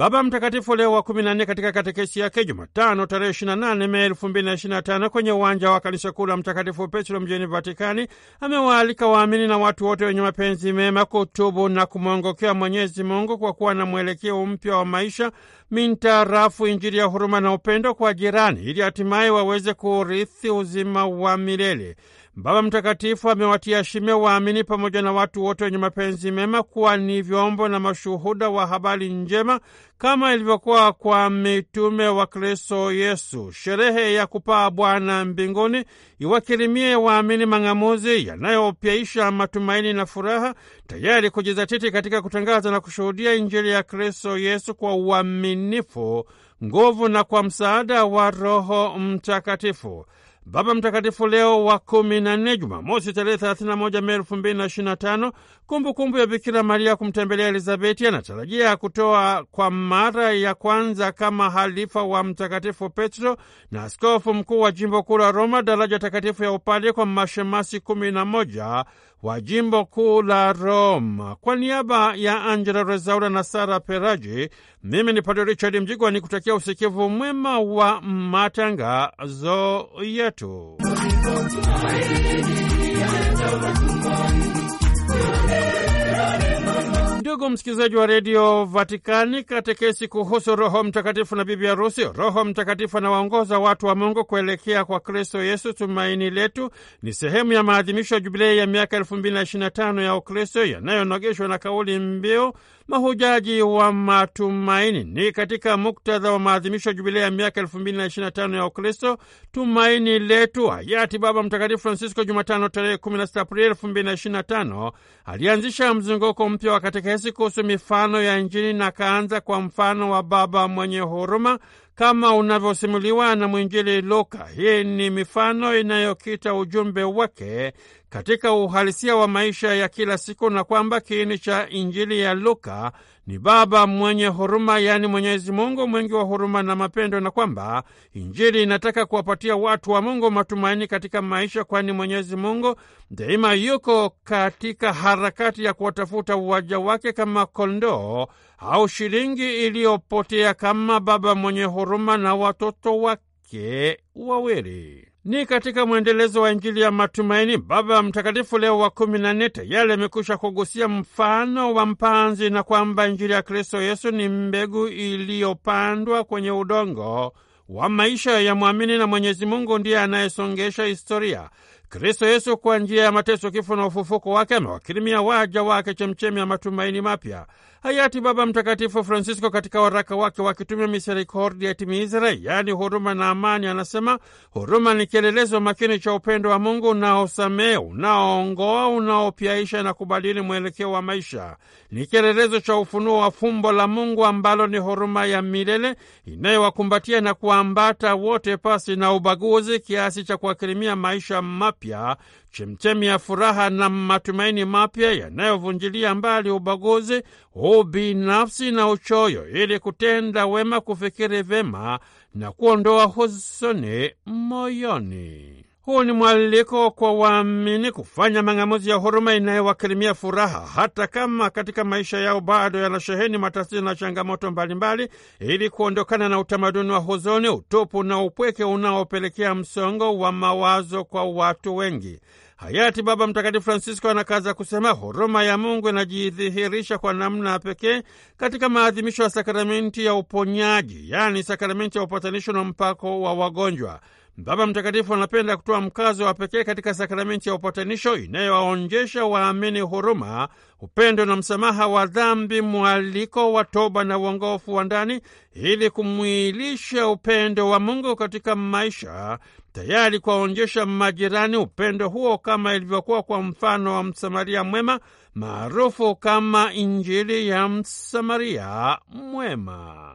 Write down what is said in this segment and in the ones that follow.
Baba Mtakatifu Leo wa 14 katika katekesi yake Jumatano tarehe 28 Mei 2025 kwenye uwanja wa kanisa kuu la Mtakatifu Petro mjini Vatikani amewaalika waamini na watu wote wenye mapenzi mema kutubu na kumwongokea Mwenyezi Mungu kwa kuwa na mwelekeo mpya wa maisha mintarafu Injili ya huruma na upendo kwa jirani, ili hatimaye waweze kurithi uzima wa milele. Baba Mtakatifu amewatia shime waamini pamoja na watu wote wenye mapenzi mema kuwa ni vyombo na mashuhuda wa habari njema kama ilivyokuwa kwa mitume wa Kristo Yesu. Sherehe ya kupaa Bwana mbinguni iwakirimie waamini mang'amuzi yanayopyaisha matumaini na furaha, tayari kujizatiti katika kutangaza na kushuhudia Injili ya Kristo Yesu kwa uaminifu, nguvu na kwa msaada wa Roho Mtakatifu. Baba Mtakatifu Leo wa kumi na nne, Jumamosi tarehe 31 Mei 2025, kumbukumbu ya Bikira Maria kumtembelea Elizabeti, anatarajia kutoa kwa mara ya kwanza kama halifa wa Mtakatifu Petro na askofu mkuu wa jimbo kuu la Roma daraja takatifu ya upadre kwa mashemasi moja wa jimbo kuu la Roma. Kwa niaba ya Angela Rezaura na Sara Peraji, mimi ni Padre Richard Mjigwa ni kutakia usikivu mwema wa matangazo yetu. Ndugu msikilizaji wa redio Vatikani, katekesi kuhusu Roho Mtakatifu na bibi harusi. Roho Mtakatifu anawaongoza watu wa Mungu kuelekea kwa Kristo Yesu, tumaini letu, ni sehemu ya maadhimisho ya jubilei ya miaka 225 ya Ukristo yanayonogeshwa na kauli mbiu mahujaji wa matumaini. Ni katika muktadha wa maadhimisho ya jubilei ya miaka elfu mbili na na tano ya Ukristo tumaini letu, hayati Baba Mtakatifu Francisco Jumatano tarehe kumi na sita Aprili elfu mbili na na tano alianzisha mzunguko mpya wa katekesi kuhusu mifano ya Injili na kaanza kwa mfano wa baba mwenye huruma kama unavyosimuliwa na mwinjili Luka. Hii ni mifano inayokita ujumbe wake katika uhalisia wa maisha ya kila siku, na kwamba kiini cha Injili ya Luka ni Baba mwenye huruma, yaani Mwenyezi Mungu mwingi wa huruma na mapendo, na kwamba Injili inataka kuwapatia watu wa Mungu matumaini katika maisha, kwani Mwenyezi Mungu daima yuko katika harakati ya kuwatafuta waja wake kama kondoo au shilingi iliyopotea, kama baba mwenye huruma na watoto wake wawili. Ni katika mwendelezo wa Injili ya matumaini, Baba Mtakatifu Leo wa kumi na nne tayari amekwisha kugusia mfano wa mpanzi na kwamba Injili ya Kristo Yesu ni mbegu iliyopandwa kwenye udongo wa maisha ya mwamini na Mwenyezi Mungu ndiye anayesongesha historia. Kristo Yesu kwa njia ya mateso, kifo na ufufuko wake amewakirimia waja wake chemchemi ya matumaini mapya. Hayati Baba Mtakatifu Francisco katika waraka wake wa kitume Misericordia Timiisere, yaani huruma na amani, anasema huruma ni kielelezo makini cha upendo wa Mungu unaosamehe, unaoongoa, unaopyaisha na kubadili mwelekeo wa maisha. Ni kielelezo cha ufunuo wa fumbo la Mungu ambalo ni huruma ya milele inayowakumbatia na kuambata wote pasi na ubaguzi, kiasi cha kuakirimia maisha mapya chemchemi ya furaha na matumaini mapya yanayovunjilia mbali ubaguzi, ubinafsi na uchoyo, ili kutenda wema, kufikiri vyema na kuondoa huzuni moyoni. Huu ni mwaliko kwa waamini kufanya mang'amuzi ya huruma inayowakirimia furaha hata kama katika maisha yao bado yanasheheni matatizo na changamoto mbalimbali, ili kuondokana na utamaduni wa huzuni, utupu na upweke unaopelekea msongo wa mawazo kwa watu wengi. Hayati Baba Mtakatifu Francisco anakaza kusema huruma ya Mungu inajidhihirisha kwa namna pekee katika maadhimisho ya sakramenti ya uponyaji, yaani sakramenti ya upatanisho na mpako wa wagonjwa. Baba Mtakatifu anapenda kutoa mkazo wa pekee katika sakramenti ya upatanisho inayowaonjesha waamini huruma, upendo na msamaha wa dhambi, mwaliko wa toba na uongofu wa ndani, ili kumwilisha upendo wa Mungu katika maisha, tayari kuwaonjesha majirani upendo huo kama ilivyokuwa kwa mfano wa Msamaria mwema maarufu kama Injili ya Msamaria mwema.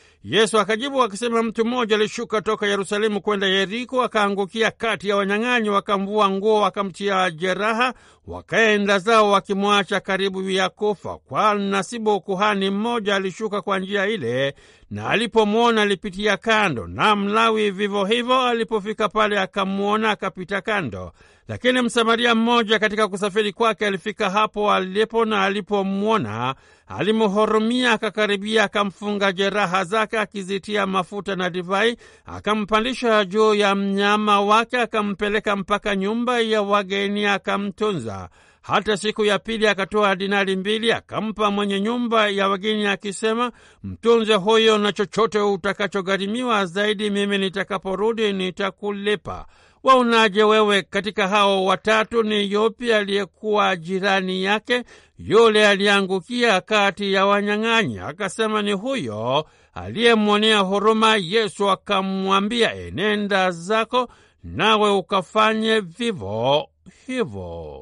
Yesu akajibu akisema, mtu mmoja alishuka toka Yerusalemu kwenda Yeriko, akaangukia kati ya wanyang'anyi, wakamvua nguo, wakamtia jeraha, wakaenda zao wakimwacha karibu ya kufa. Kwa nasibu kuhani mmoja alishuka kwa njia ile, na alipomwona alipitia kando, na Mlawi vivyo hivyo, alipofika pale akamwona akapita kando. Lakini Msamaria mmoja katika kusafiri kwake alifika hapo alipo, na alipomwona alimhurumia, akakaribia, akamfunga jeraha zake, akizitia mafuta na divai, akampandisha juu ya mnyama wake, akampeleka mpaka nyumba ya wageni, akamtunza kwanza. Hata siku ya pili akatoa dinari mbili akampa mwenye nyumba ya wageni akisema, mtunze huyo, na chochote utakachogharimiwa zaidi mimi nitakaporudi nitakulipa. Waonaje wewe katika hao watatu? Ni yupi aliyekuwa jirani yake yule aliangukia kati ya wanyang'anyi? Akasema ni huyo aliyemwonea huruma. Yesu akamwambia, enenda zako nawe ukafanye vivo hivyo.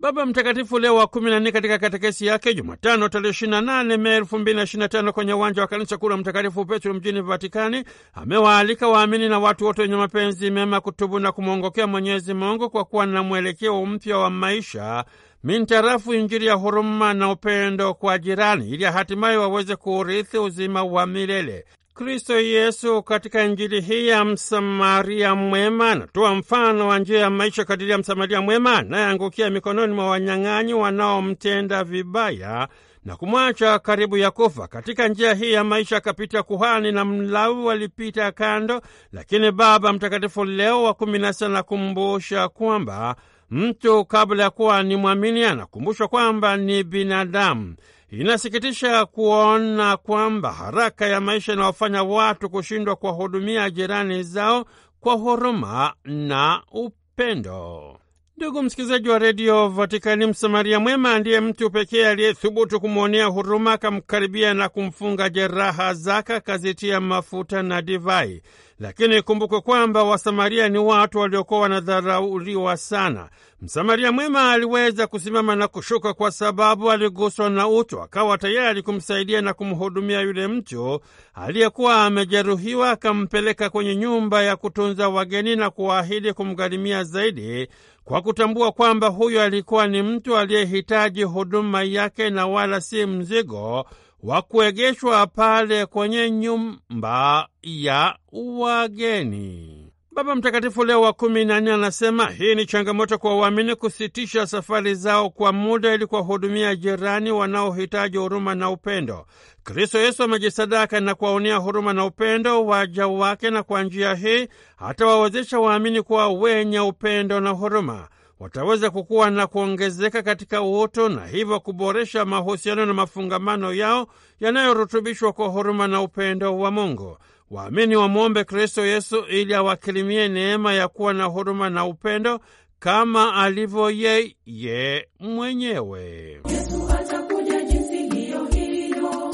Baba Mtakatifu Leo wa kumi na nne katika katekesi yake Jumatano tarehe 28 na nane Mei elfu mbili na na tano kwenye uwanja wa kanisa kuu la Mtakatifu Petro mjini Vatikani amewaalika waamini na watu wote wenye mapenzi mema kutubu na kumwongokea Mwenyezi Mungu kwa kuwa na mwelekeo mpya wa maisha mintarafu Injili ya huruma na upendo kwa jirani, ili hatimaye waweze kuurithi uzima wa milele. Kristo Yesu katika Injili hii ya Msamaria mwema anatoa mfano wa njia ya maisha kadiri ya Msamaria mwema anayeangukia mikononi mwa wanyang'anyi wanaomtenda vibaya na kumwacha karibu ya kufa. Katika njia hii ya maisha akapita kuhani na Mlawi walipita kando, lakini Baba Mtakatifu Leo wa kumi na sita anakumbusha kwamba mtu kabla ya kuwa ni mwamini anakumbushwa kwamba ni binadamu. Inasikitisha kuona kwamba haraka ya maisha inawafanya watu kushindwa kuwahudumia jirani zao kwa huruma na upendo. Ndugu msikilizaji wa redio Vatikani, msamaria mwema ndiye mtu pekee aliyethubutu kumwonea huruma, akamkaribia na kumfunga jeraha zake, akazitia mafuta na divai. Lakini kumbukwe kwamba wasamaria ni watu waliokuwa wanadharauliwa sana. Msamaria mwema aliweza kusimama na kushuka kwa sababu aliguswa na utu, akawa tayari kumsaidia na kumhudumia yule mtu aliyekuwa amejeruhiwa, akampeleka kwenye nyumba ya kutunza wageni na kuahidi kumgharimia zaidi kwa kutambua kwamba huyo alikuwa ni mtu aliyehitaji huduma yake na wala si mzigo wa kuegeshwa pale kwenye nyumba ya wageni. Baba Mtakatifu Leo wa kumi na nne anasema hii ni changamoto kwa waamini kusitisha safari zao kwa muda ili kuwahudumia jirani wanaohitaji huruma na upendo. Kristo Yesu amejisadaka na kuwaonea huruma na upendo waja wake, na kwa njia hii atawawezesha waamini kuwa wenye upendo na huruma wataweza kukuwa na kuongezeka katika uoto na hivyo kuboresha mahusiano na mafungamano yao yanayorutubishwa kwa huruma na upendo wa Mungu. Waamini wamwombe Kristo Yesu ili awakirimie neema ya kuwa na huruma na upendo kama alivyo yeye mwenyewe. Yesu atakuja jinsi hiyo hiyo,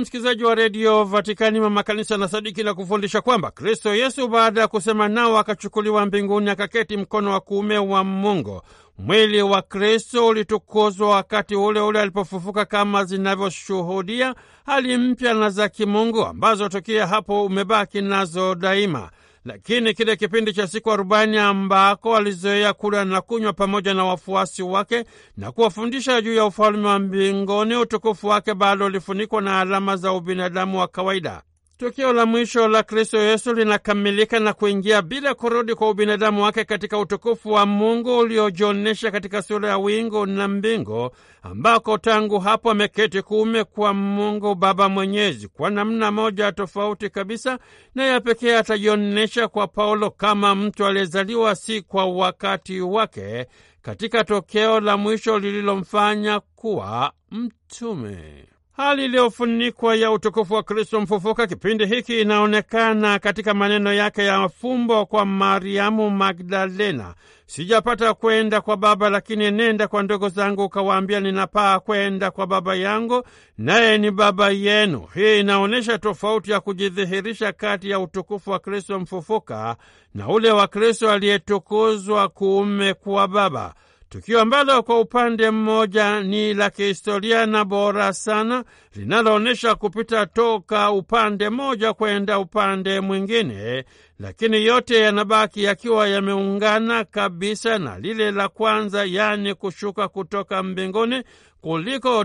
msikilizaji wa redio Vatikani, mama kanisa na sadiki na kufundisha kwamba Kristo Yesu baada ya kusema nao akachukuliwa mbinguni akaketi mkono wa kuume wa Mungu. Mwili wa Kristo ulitukuzwa wakati ule ule alipofufuka, kama zinavyoshuhudia hali mpya na za kimungu ambazo tokia hapo umebaki nazo daima lakini kile kipindi cha siku arobaini ambako alizoea kula na kunywa pamoja na wafuasi wake na kuwafundisha juu ya ufalme wa mbingoni utukufu wake bado ulifunikwa na alama za ubinadamu wa kawaida. Tukio la mwisho la Kristo Yesu linakamilika na kuingia bila kurudi kwa ubinadamu wake katika utukufu wa Mungu uliojionyesha katika sura ya wingu na mbingo, ambako tangu hapo ameketi kuume kwa Mungu Baba Mwenyezi. Kwa namna moja tofauti kabisa na ya pekee, atajionyesha kwa Paulo kama mtu aliyezaliwa si kwa wakati wake, katika tokeo la mwisho lililomfanya kuwa mtume hali iliyofunikwa ya utukufu wa Kristo mfufuka. Kipindi hiki inaonekana katika maneno yake ya mafumbo kwa Mariamu Magdalena: sijapata kwenda kwa Baba, lakini nenda kwa ndogo zangu ukawaambia, ninapaa kwenda kwa Baba yangu, naye ni Baba yenu. Hii inaonyesha tofauti ya kujidhihirisha kati ya utukufu wa Kristo mfufuka na ule wa Kristo aliyetukuzwa kuume kwa Baba tukio ambalo kwa upande mmoja ni la kihistoria na bora sana, linaloonyesha kupita toka upande mmoja kwenda upande mwingine, lakini yote yanabaki yakiwa yameungana kabisa na lile la kwanza, yaani kushuka kutoka mbinguni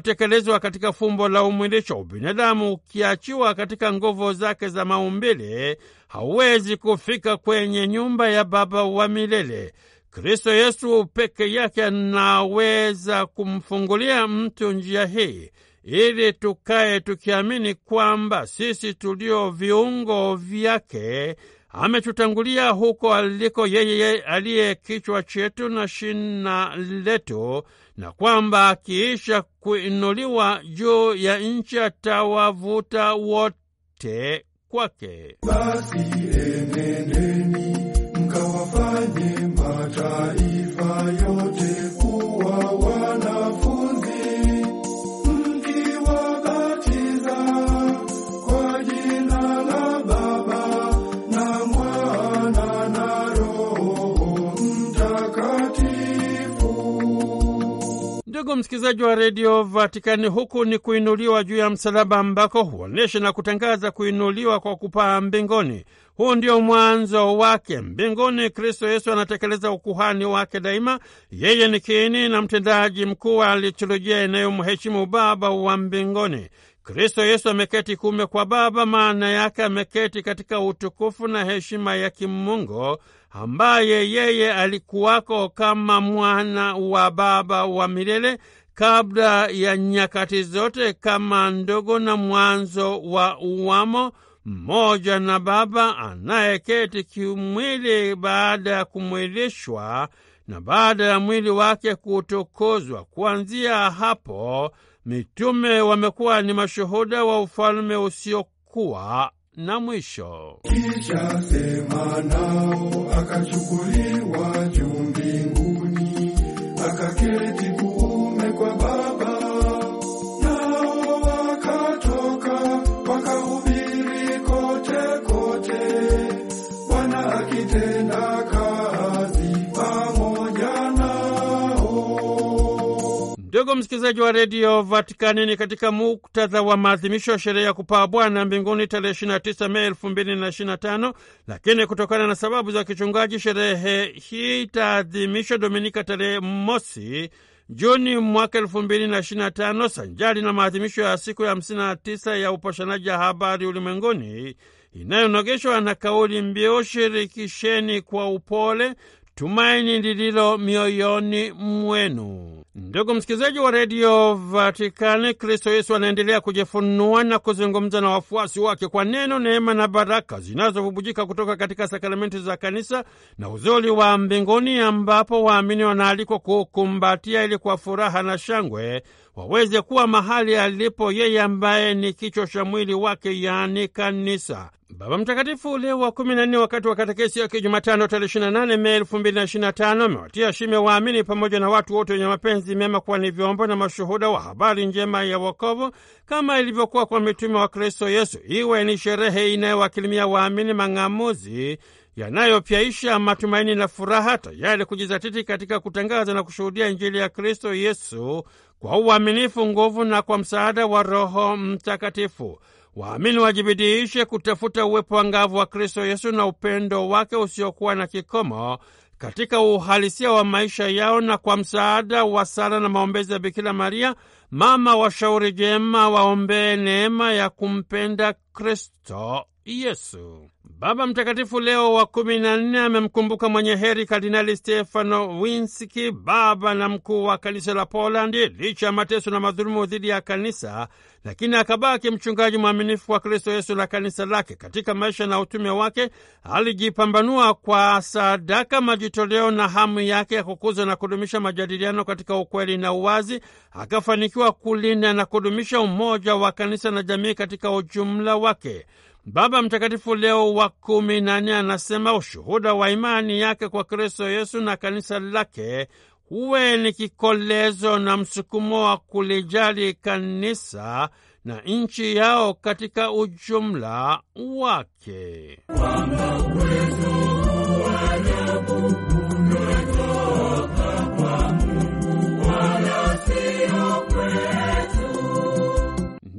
tekelezwa katika fumbo la umwilisho. Ubinadamu ukiachiwa katika nguvu zake za maumbile hauwezi kufika kwenye nyumba ya Baba wa milele. Kristo Yesu peke yake anaweza kumfungulia mtu njia hii ili tukae tukiamini kwamba sisi tulio viungo vyake ametutangulia huko aliko yeye aliye kichwa chetu na shina letu, na kwamba akiisha kuinuliwa juu ya nchi atawavuta wote kwake. Basi enende msikilizaji wa redio Vatikani, huku ni kuinuliwa juu ya msalaba ambako huonyesha na kutangaza kuinuliwa kwa kupaa mbinguni. Huu ndio mwanzo wake mbinguni. Kristo Yesu anatekeleza ukuhani wake daima. Yeye ni kiini na mtendaji mkuu wa liturujia inayomheshimu Baba wa mbinguni. Kristo Yesu ameketi kuume kwa Baba, maana yake ameketi katika utukufu na heshima ya kimungu ambaye yeye alikuwako kama mwana wa Baba wa milele kabla ya nyakati zote, kama ndogo na mwanzo wa uwamo, mmoja na Baba, anayeketi kimwili baada ya kumwilishwa na baada ya mwili wake kutukuzwa. Kuanzia hapo mitume wamekuwa ni mashuhuda wa ufalme usiokuwa na mwisho. Kisha sema nao akachukuliwa msikilizaji wa redio Vatikani, ni katika muktadha wa maadhimisho ya sherehe ya kupaa Bwana mbinguni tarehe 29 Mei 2025, lakini kutokana na sababu za kichungaji, sherehe hii itaadhimishwa Dominika tarehe mosi Juni mwaka 225 sanjari na maadhimisho ya siku ya 59 ya upashanaji ya habari ulimwenguni inayonogeshwa na kauli mbiu shirikisheni kwa upole tumaini lililo mioyoni mwenu. Ndugu msikilizaji wa redio Vatikani, Kristo Yesu anaendelea kujifunua na kuzungumza na wafuasi wake kwa neno, neema na baraka zinazobubujika kutoka katika sakramenti za kanisa na uzuri wa mbinguni, ambapo waamini wanaalikwa kukumbatia ili kwa furaha na shangwe waweze kuwa mahali alipo yeye ambaye ni kichwa cha mwili wake, yaani kanisa. Baba Mtakatifu Leo wa kumi na nne wakati wa katekesi yake Jumatano tarehe 28 Mei 2025 amewatia shime waamini pamoja na watu wote wenye mapenzi mapenzi mema kuwa ni vyombo na mashuhuda wa habari njema ya wokovu kama ilivyokuwa kwa mitume wa Kristo Yesu. Iwe ni sherehe inayowakilimia waamini mang'amuzi yanayopyaisha matumaini na furaha, tayari kujizatiti katika kutangaza na kushuhudia Injili ya Kristo Yesu kwa uaminifu, nguvu na kwa msaada wa Roho Mtakatifu. Waamini wajibidiishe kutafuta uwepo wa ngavu wa Kristo Yesu na upendo wake usiokuwa na kikomo katika uhalisia wa maisha yao na kwa msaada wa sala na maombezi ya Bikira Maria mama wa shauri jema, waombee neema ya kumpenda Kristo Yesu. Baba Mtakatifu Leo wa kumi na nne amemkumbuka mwenye heri Kardinali Stefano Winski, baba na mkuu wa kanisa la Polandi. Licha ya mateso na madhulumu dhidi ya kanisa, lakini akabaki mchungaji mwaminifu wa Kristo Yesu na kanisa lake. Katika maisha na utume wake alijipambanua kwa sadaka, majitoleo na hamu yake ya kukuza na kudumisha majadiliano katika ukweli na uwazi. Akafanikiwa kulinda na kudumisha umoja wa kanisa na jamii katika ujumla wake. Baba Mtakatifu Leo wa kumi na nne anasema ushuhuda wa imani yake kwa Kristo Yesu na kanisa lake huwe ni kikolezo na msukumo wa kulijali kanisa na nchi yao katika ujumla wake.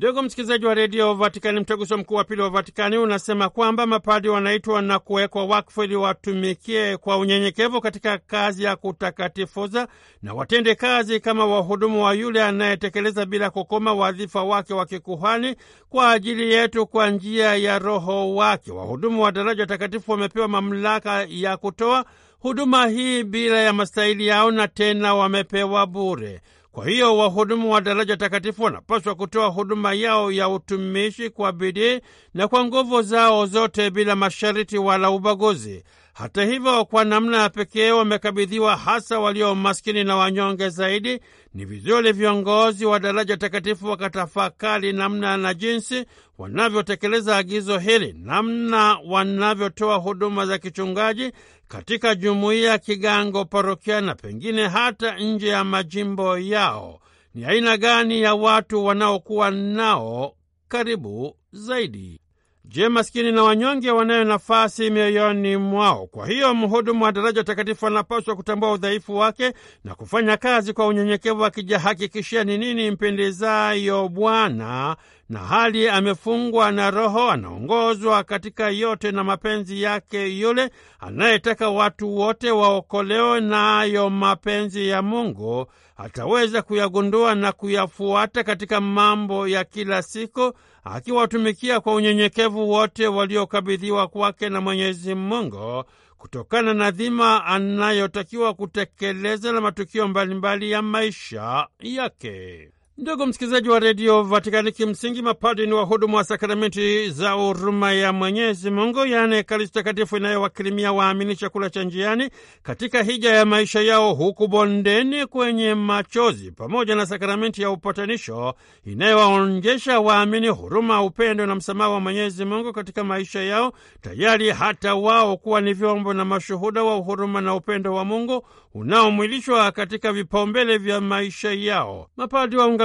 Ndugu msikilizaji wa redio Vatikani, mtaguso mkuu wa pili wa Vatikani unasema kwamba mapadi wanaitwa na kuwekwa wakfu ili watumikie kwa unyenyekevu katika kazi ya kutakatifuza na watende kazi kama wahudumu wa yule anayetekeleza bila kukoma wadhifa wake wa kikuhani kwa ajili yetu kwa njia ya Roho wake. Wahudumu wa daraja takatifu wamepewa mamlaka ya kutoa huduma hii bila ya mastahili yao, na tena wamepewa bure. Kwa hiyo wahudumu wa daraja takatifu wanapaswa kutoa huduma yao ya utumishi kwa bidii na kwa nguvu zao zote bila mashariti wala ubaguzi. Hata hivyo, kwa namna ya pekee wamekabidhiwa hasa walio maskini na wanyonge zaidi. Ni vizuri viongozi wa daraja takatifu wakatafakari namna na jinsi wanavyotekeleza agizo hili, namna wanavyotoa huduma za kichungaji katika jumuiya ya kigango, parokia na pengine hata nje ya majimbo yao. Ni aina gani ya watu wanaokuwa nao karibu zaidi? Je, maskini na wanyonge wanayo nafasi mioyoni mwao? Kwa hiyo mhudumu wa daraja takatifu anapaswa kutambua udhaifu wake na kufanya kazi kwa unyenyekevu, akijahakikishia ni nini mpendezayo Bwana, na hali amefungwa na Roho, anaongozwa katika yote na mapenzi yake, yule anayetaka watu wote waokolewe nayo mapenzi ya Mungu ataweza kuyagundua na kuyafuata katika mambo ya kila siku akiwatumikia kwa unyenyekevu wote waliokabidhiwa kwake na Mwenyezi Mungu kutokana na dhima anayotakiwa kutekeleza na matukio mbalimbali ya maisha yake. Ndugu msikilizaji wa redio Vatikani, kimsingi mapadi ni wahudumu wa sakramenti za huruma ya Mwenyezi Mungu, yaani Ekaristi Takatifu inayowakirimia waamini chakula cha njiani katika hija ya maisha yao huku bondeni kwenye machozi, pamoja na sakramenti ya upatanisho inayowaonjesha waamini huruma, upendo na msamaha wa Mwenyezi Mungu katika maisha yao, tayari hata wao kuwa ni vyombo na mashuhuda wa huruma na upendo wa Mungu unaomwilishwa katika vipaumbele vya maisha yao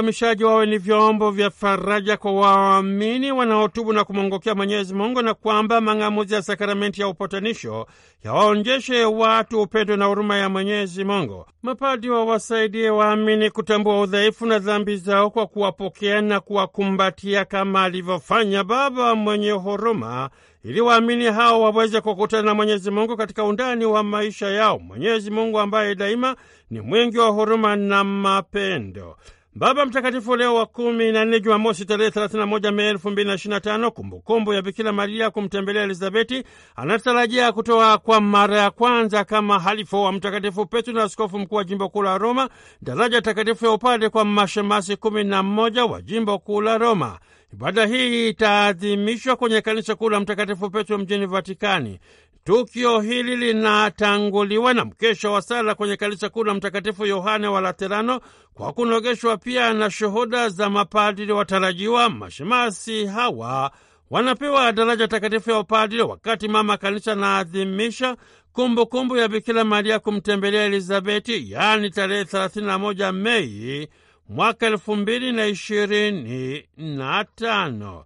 waadhimishaji wawe ni vyombo vya faraja kwa waamini wanaotubu na kumwongokea Mwenyezi Mungu, na kwamba mang'amuzi ya sakramenti ya upatanisho yawaonjeshe watu upendo na huruma ya Mwenyezi Mungu. Mapadi wawasaidie waamini kutambua udhaifu na dhambi zao kwa kuwapokea na kuwakumbatia kama alivyofanya Baba mwenye huruma, ili waamini hao waweze kukutana na Mwenyezi Mungu katika undani wa maisha yao. Mwenyezi Mungu ambaye daima ni mwingi wa huruma na mapendo Baba Mtakatifu Leo wa kumi na nne, Jumamosi tarehe 31 Mei tano, kumbukumbu ya Bikira Maria kumtembelea Elizabeti, anatarajia kutoa kwa mara ya kwanza kama halifu wa Mtakatifu Petro na askofu mkuu wa jimbo kuu la Roma daraja takatifu ya upade kwa mashemasi mmoja wa jimbo kuu la Roma. Ibada hii itaadhimishwa kwenye kanisa kuu la Mtakatifu Petro mjini Vatikani. Tukio hili linatanguliwa na mkesha wa sala kwenye kanisa kuu la Mtakatifu Yohane wa Laterano kwa kunogeshwa pia na shuhuda za mapadiri watarajiwa. Mashemasi hawa wanapewa daraja takatifu ya upadiri wakati mama kanisa anaadhimisha kumbukumbu ya Bikira Maria kumtembelea Elizabeti, yaani tarehe 31 Mei mwaka elfu mbili na ishirini na tano.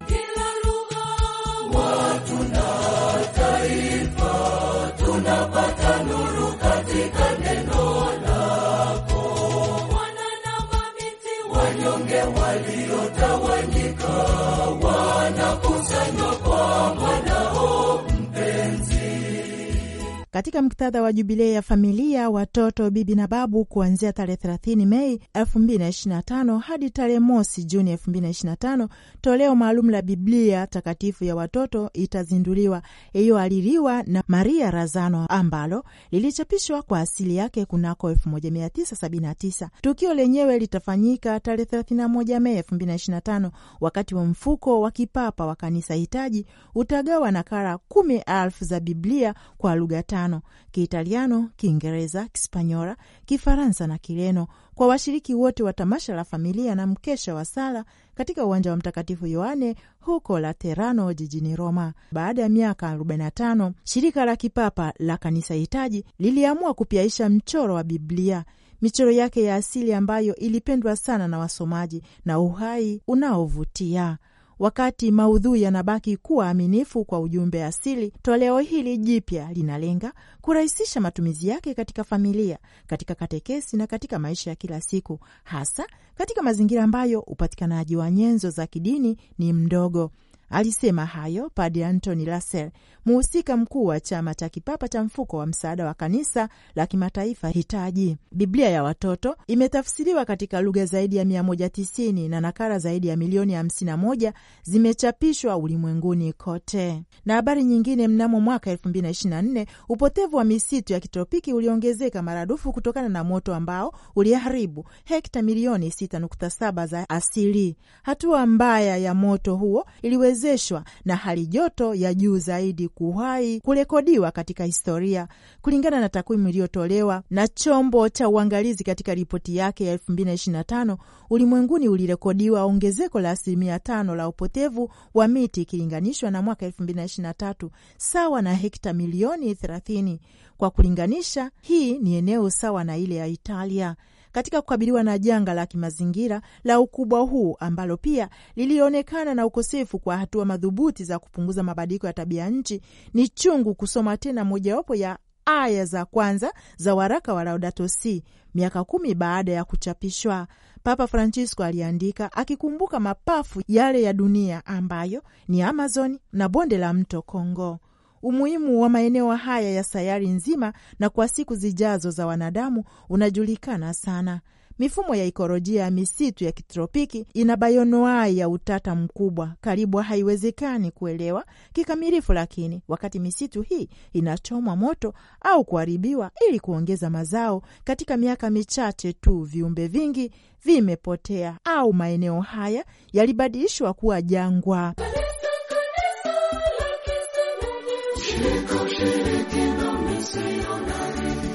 katika muktadha wa jubilei ya familia, watoto, bibi na babu kuanzia tarehe 30 Mei 2025 hadi tarehe mosi Juni 2025. Toleo maalum la Biblia Takatifu ya watoto itazinduliwa iliyohaririwa na Maria Razano ambalo lilichapishwa kwa asili yake kunako 1979. Tukio lenyewe litafanyika tarehe 31 Mei 2025 wakati wa mfuko wa kipapa wa kanisa hitaji utagawa nakala 1 za Biblia kwa lugha tano Kihispano, Kiitaliano, Kiingereza, kispanyola Kifaransa na Kireno kwa washiriki wote wa tamasha la familia na mkesha wa sala katika uwanja wa Mtakatifu Yohane huko Laterano jijini Roma. Baada ya miaka 45 shirika la kipapa la kanisa hitaji liliamua kupyaisha mchoro wa Biblia michoro yake ya asili ambayo ilipendwa sana na wasomaji na uhai unaovutia. Wakati maudhui yanabaki kuwa aminifu kwa ujumbe asili, toleo hili jipya linalenga kurahisisha matumizi yake katika familia, katika katekesi na katika maisha ya kila siku, hasa katika mazingira ambayo upatikanaji wa nyenzo za kidini ni mdogo. Alisema hayo Padre antony Lasser, muhusika mkuu wa chama cha kipapa cha mfuko wa msaada wa kanisa la kimataifa hitaji. Biblia ya watoto imetafsiriwa katika lugha zaidi ya 190 na nakala zaidi ya milioni 51 zimechapishwa ulimwenguni kote. Na habari nyingine, mnamo mwaka 2024 upotevu wa misitu ya kitropiki uliongezeka maradufu kutokana na moto ambao uliharibu hekta milioni 6.7 za asili. Hatua mbaya ya moto huo iliwe kuwezeshwa na hali joto ya juu zaidi kuwahi kurekodiwa katika historia, kulingana na takwimu iliyotolewa na chombo cha uangalizi katika ripoti yake ya 2025. Ulimwenguni ulirekodiwa ongezeko la asilimia tano la upotevu wa miti ikilinganishwa na mwaka 2023, sawa na hekta milioni 30. Kwa kulinganisha, hii ni eneo sawa na ile ya Italia katika kukabiliwa na janga la kimazingira la ukubwa huu ambalo pia lilionekana na ukosefu kwa hatua madhubuti za kupunguza mabadiliko ya tabia nchi, ni chungu kusoma tena mojawapo ya aya za kwanza za waraka wa Laudato Si miaka kumi baada ya kuchapishwa. Papa Francisco aliandika akikumbuka mapafu yale ya dunia ambayo ni Amazon na bonde la mto Kongo. Umuhimu wa maeneo haya ya sayari nzima na kwa siku zijazo za wanadamu unajulikana sana. Mifumo ya ikolojia ya misitu ya kitropiki ina bayonoai ya utata mkubwa, karibu haiwezekani kuelewa kikamilifu, lakini wakati misitu hii inachomwa moto au kuharibiwa ili kuongeza mazao, katika miaka michache tu viumbe vingi vimepotea au maeneo haya yalibadilishwa kuwa jangwa.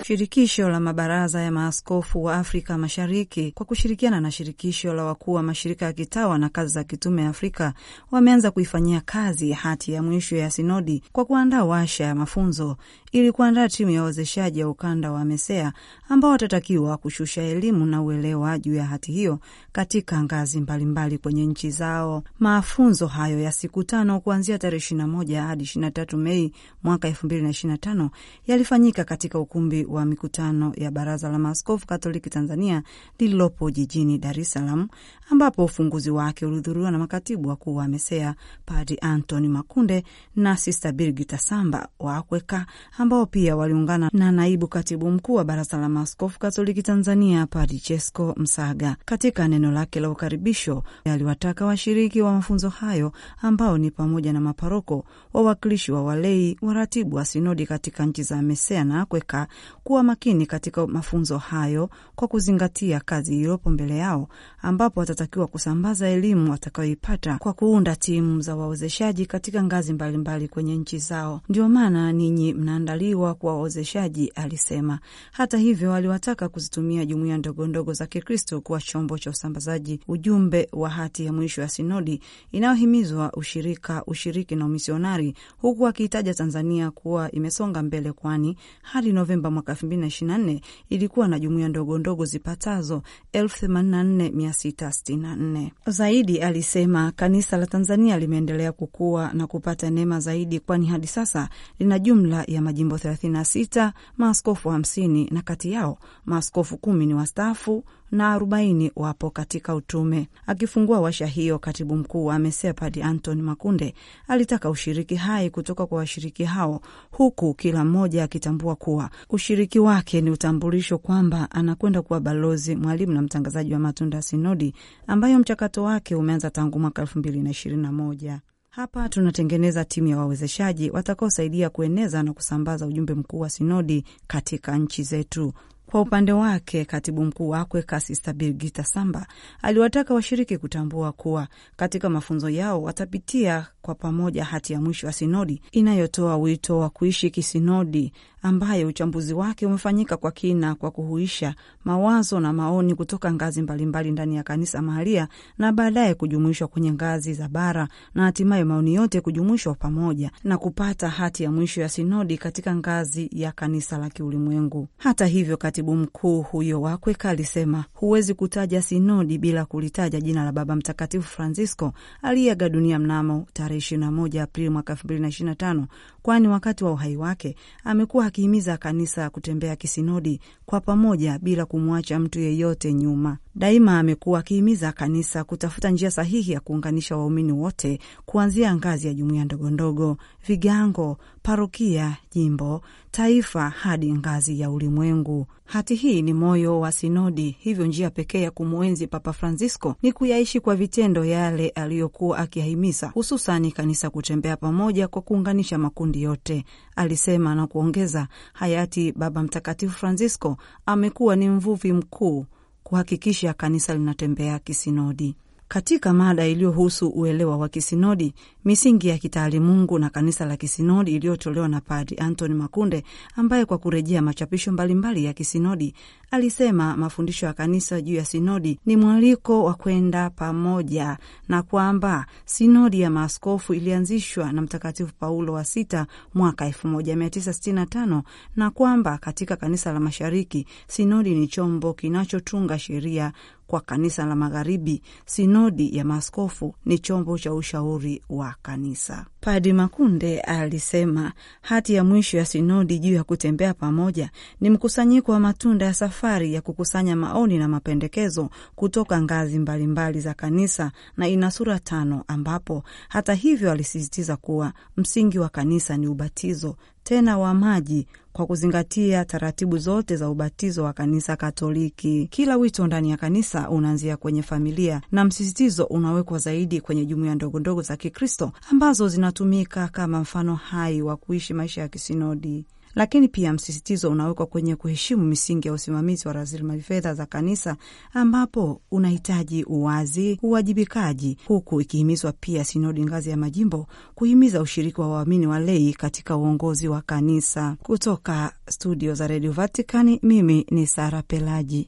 Shirikisho la mabaraza ya maaskofu wa Afrika Mashariki kwa kushirikiana na shirikisho la wakuu wa mashirika ya kitawa na kazi za kitume Afrika wameanza kuifanyia kazi hati ya mwisho ya sinodi kwa kuandaa warsha ya mafunzo ili kuandaa timu ya wawezeshaji ya ukanda wa MESEA ambao watatakiwa kushusha elimu na uelewa juu ya hati hiyo katika ngazi mbalimbali kwenye nchi zao. Mafunzo hayo ya siku tano kuanzia tarehe na moja hadi na tatu Mei mwaka elfu mbili na na tano yalifanyika katika ukumbi wa mikutano ya Baraza la Maaskofu Katoliki Tanzania lililopo jijini Dar es Salaam, ambapo ufunguzi wake ulihudhuriwa na makatibu wakuu wa MESEA Padri Antony Makunde na Sista Birgita Samba Wakweka ambao pia waliungana na naibu katibu mkuu wa Baraza la Maaskofu Katoliki Tanzania, Padri Chesco Msaga. Katika neno lake la ukaribisho, aliwataka washiriki wa mafunzo hayo ambao ni pamoja na maparoko, wawakilishi wa walei, waratibu wa sinodi katika nchi za Mesea na Akweka kuwa makini katika mafunzo hayo kwa kuzingatia kazi iliyopo mbele yao, ambapo watatakiwa kusambaza elimu watakayoipata kwa kuunda timu za wawezeshaji katika ngazi mbalimbali mbali kwenye nchi zao. Ndio maana ninyi mnaanda kuandaliwa kwa wawezeshaji, alisema. Hata hivyo, aliwataka kuzitumia jumuiya ndogo za Kikristo kuwa chombo cha usambazaji ujumbe wa hati ya mwisho ya sinodi inayohimizwa ushirika, ushiriki na umisionari, huku akiitaja Tanzania kuwa imesonga mbele, kwani hadi Novemba mwaka 2024 ilikuwa na jumuiya ndogo zipatazo 84664. Zaidi alisema kanisa la Tanzania limeendelea kukua na kupata neema zaidi, kwani hadi sasa lina jumla ya maji majimbo 36, maaskofu 50 na kati yao maaskofu kumi ni wastaafu na 40 wapo katika utume. Akifungua washa hiyo, katibu mkuu wa amesepadi Anton Makunde alitaka ushiriki hai kutoka kwa washiriki hao, huku kila mmoja akitambua kuwa ushiriki wake ni utambulisho kwamba anakwenda kuwa balozi, mwalimu na mtangazaji wa matunda ya sinodi ambayo mchakato wake umeanza tangu mwaka 2021. Hapa tunatengeneza timu ya wawezeshaji watakaosaidia kueneza na kusambaza ujumbe mkuu wa sinodi katika nchi zetu. Kwa upande wake katibu mkuu wakwe Kasista Birgita Samba aliwataka washiriki kutambua kuwa katika mafunzo yao watapitia kwa pamoja hati ya mwisho ya sinodi inayotoa wito wa kuishi kisinodi, ambayo uchambuzi wake umefanyika kwa kina kwa kuhuisha mawazo na maoni kutoka ngazi mbalimbali ndani ya kanisa mahalia na baadaye kujumuishwa kwenye ngazi za bara na hatimaye maoni yote kujumuishwa pamoja na kupata hati ya mwisho ya sinodi katika ngazi ya kanisa la kiulimwengu. Hata hivyo, katibu mkuu huyo wakweka alisema, huwezi kutaja sinodi bila kulitaja jina la Baba Mtakatifu Francisco aliyeaga dunia mnamo tarehe tarehe 21 Aprili mwaka 2025, kwani wakati wa uhai wake amekuwa akihimiza kanisa kutembea kisinodi kwa pamoja bila kumwacha mtu yeyote nyuma. Daima amekuwa akihimiza kanisa kutafuta njia sahihi ya kuunganisha waumini wote kuanzia ngazi ya jumuiya ndogondogo, vigango, parokia, jimbo, taifa hadi ngazi ya ulimwengu. Hati hii ni moyo wa sinodi, hivyo njia pekee ya kumwenzi Papa Francisco ni kuyaishi kwa vitendo yale aliyokuwa akiyahimiza, hususani kanisa kutembea pamoja kwa kuunganisha makundi yote, alisema na kuongeza, hayati Baba Mtakatifu Francisco amekuwa ni mvuvi mkuu kuhakikisha kanisa linatembea kisinodi katika mada iliyohusu uelewa wa kisinodi, misingi ya kitaalimungu na kanisa la kisinodi iliyotolewa na Padri Anthony Makunde, ambaye kwa kurejea machapisho mbalimbali ya kisinodi alisema mafundisho ya kanisa juu ya sinodi ni mwaliko wa kwenda pamoja na kwamba sinodi ya maaskofu ilianzishwa na Mtakatifu Paulo wa Sita mwaka 1965 na kwamba katika kanisa la Mashariki sinodi ni chombo kinachotunga sheria kwa kanisa la Magharibi, sinodi ya maaskofu ni chombo cha ushauri wa kanisa. Padi Makunde alisema hati ya mwisho ya sinodi juu ya kutembea pamoja ni mkusanyiko wa matunda ya safari ya kukusanya maoni na mapendekezo kutoka ngazi mbalimbali mbali za kanisa na ina sura tano, ambapo hata hivyo alisisitiza kuwa msingi wa kanisa ni ubatizo tena wa maji kwa kuzingatia taratibu zote za ubatizo wa kanisa Katoliki. Kila wito ndani ya kanisa unaanzia kwenye familia na msisitizo unawekwa zaidi kwenye jumuiya ndogondogo za Kikristo ambazo zinatumika kama mfano hai wa kuishi maisha ya kisinodi lakini pia msisitizo unawekwa kwenye kuheshimu misingi ya usimamizi wa rasilimali fedha za kanisa, ambapo unahitaji uwazi, uwajibikaji, huku ikihimizwa pia sinodi ngazi ya majimbo kuhimiza ushiriki wa waamini wa lei katika uongozi wa kanisa. Kutoka studio za redio Vatikani, mimi ni Sara Pelaji.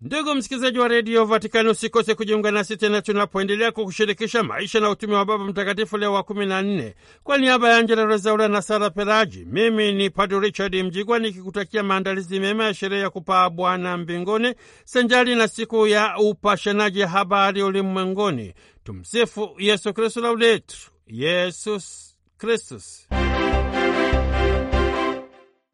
Ndugu msikilizaji wa redio Vatikani, usikose kujiunga nasi tena tunapoendelea kukushirikisha maisha na utume wa Baba Mtakatifu Leo wa kumi na nne. Kwa niaba ya Angela Rezaula na Sara Peraji, mimi ni Padre Richard Mjigwa nikikutakia maandalizi mema ya sherehe ya kupaa Bwana mbinguni senjali na siku ya upashanaji habari ulimwenguni. Tumsifu Yesu Kristu, Laudetur Yesus Kristus.